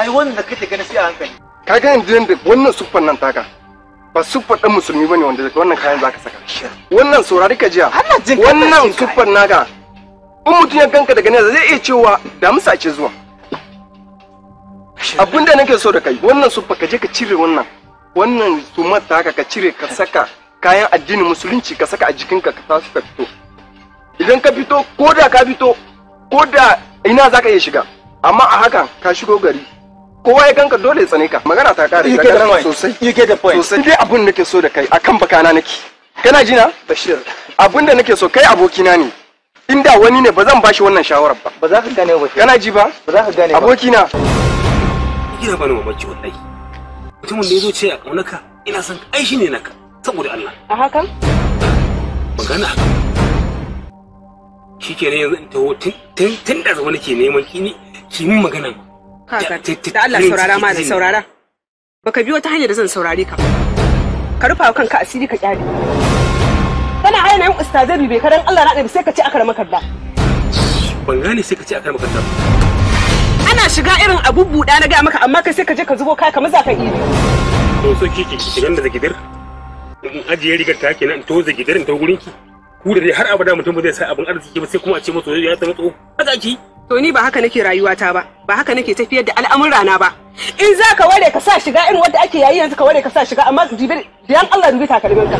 rayuwar da kake gani sai a hankali ka ga yanzu yanda wannan siffar nan taka ba siffar dan musulmi bane wanda wannan kayan zaka saka wannan saurari ka jiya wannan siffar naka in mutum ya ganka daga nesa zai iya cewa damisa ce zuwa abin da nake so da kai wannan suffa ka je ka cire wannan wannan sumar ta ka cire ka saka kayan addinin musulunci ka saka a jikinka ka tashi ka fito idan ka fito ko da ka fito ko da ina za ka iya shiga amma a hakan ka shigo gari kowa ya ganka dole ya tsane ka magana ta kare ka kana sosai yake da point sosai dai abun nake so da kai akan bakana nake kana jina bashir abun da nake so kai abokina ne inda wani ne ba zan bashi wannan shawarar ba ba za ka gane ba kana ji ba ba za ka gane ba abokina kina bani mamaki wallahi mutumin da yazo ce a kaunaka ina son ai shine naka saboda Allah a hakan magana shikenan yanzu in tun tun da zama nake neman kini ki min magana kaga da Allah saurara ma da saurara baka bi wata hanyar da zan saurare ka ka rufa kanka asiri ka kyale kana aina yin ustazari bai karan Allah na sai ka ci akar makarda ban gane sai ka ci akar makarda ana shiga irin abu buɗa na gaya maka amma kai sai ka je ka zubo kaya kamar za ka iri to so kike ki shigan da gidir in ajiye rigar ta kenan in toza gidir in ta wurin ki ku da dai har abada mutum ba zai sa abin arziki ba sai kuma a ce masa ya ta matso haka ki to ni ba haka nake rayuwata ba ba haka nake tafiyar da al'amuran na ba in za ka ware ka sa shiga irin wanda ake yayi yanzu ka ware ka sa shiga amma jibir 'Yan Allah rubi takalmin ka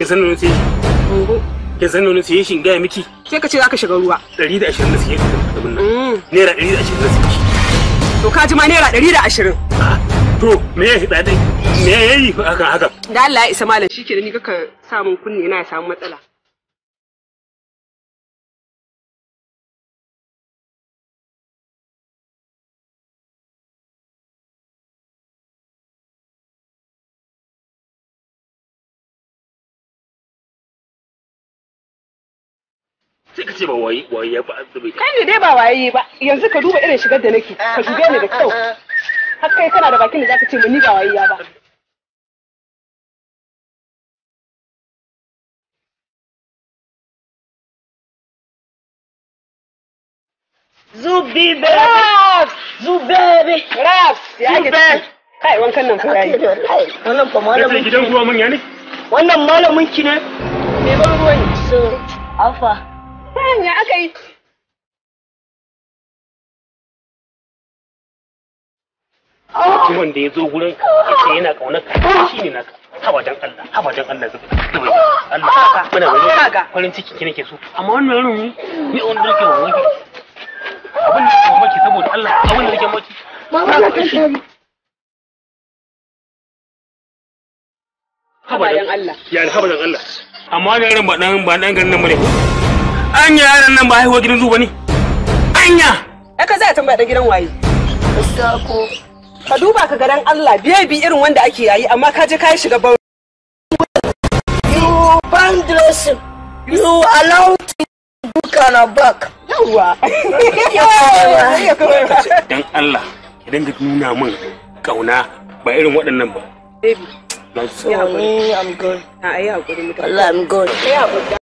kin san nono sai kin san nono sai shin gaya miki sai ka ce za ka shiga ruwa 120 da suke abin nan mm. naira 120 da suke. to ka ji ma naira 120 ah, to me ya hida dai me yayi haka haka da Allah ya isa malam ke da ni ka samun kunne na ya samu matsala sai ka ce ba waye waye ba zubai kai ne dai ba waye ba yanzu ka duba irin shigar da nake ka shige ni da kyau har kai kana da bakin da zaka ce ni ba waye ba Zubi Raps! Zubebi! Raps! Zubebi! Kai, wankan nan fa yi. Wannan fa malamin ki ne. Wannan malamin ki ne. Me ban ne So, afa. Malam ya aka yi? Mutumin da ya zo gurin ka ce yana kaunar ka shi ne naka. Habajan Allah, habajan Allah zuba. Allah haka muna wani farin ciki ki nake so. Amma wannan ne ni a wani rike wani abin da ke maki saboda Allah abin da ke maki. Mama ka shi. Habajan Allah. Ya habajan Allah. Amma wannan yaron ba dan ba dan garin nan bane. anya yaran nan ba haihuwa gidan zuba ne anya ka za a tambaya dan gidan waye ko ka duba ka ga dan Allah biye bi irin wanda ake yayi amma ka je ka yi shiga ban you ban you allow to book on a back yawa dan Allah idan dinga nuna min kauna ba irin waɗannan ba baby I'm good. I'm good. I'm good.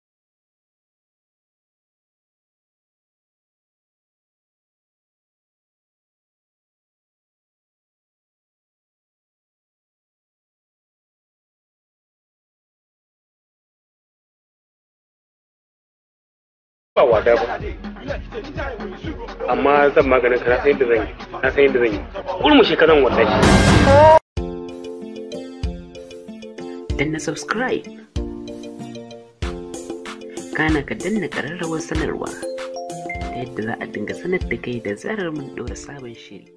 ba wada ba amma zan maganin ka na san yadda zan yi na san yadda zan yi kurmu shekaran dan na subscribe kana ka danna kararrawar sanarwa ta yadda za a dinga sanar da kai da zarar mun ɗora sabon shiri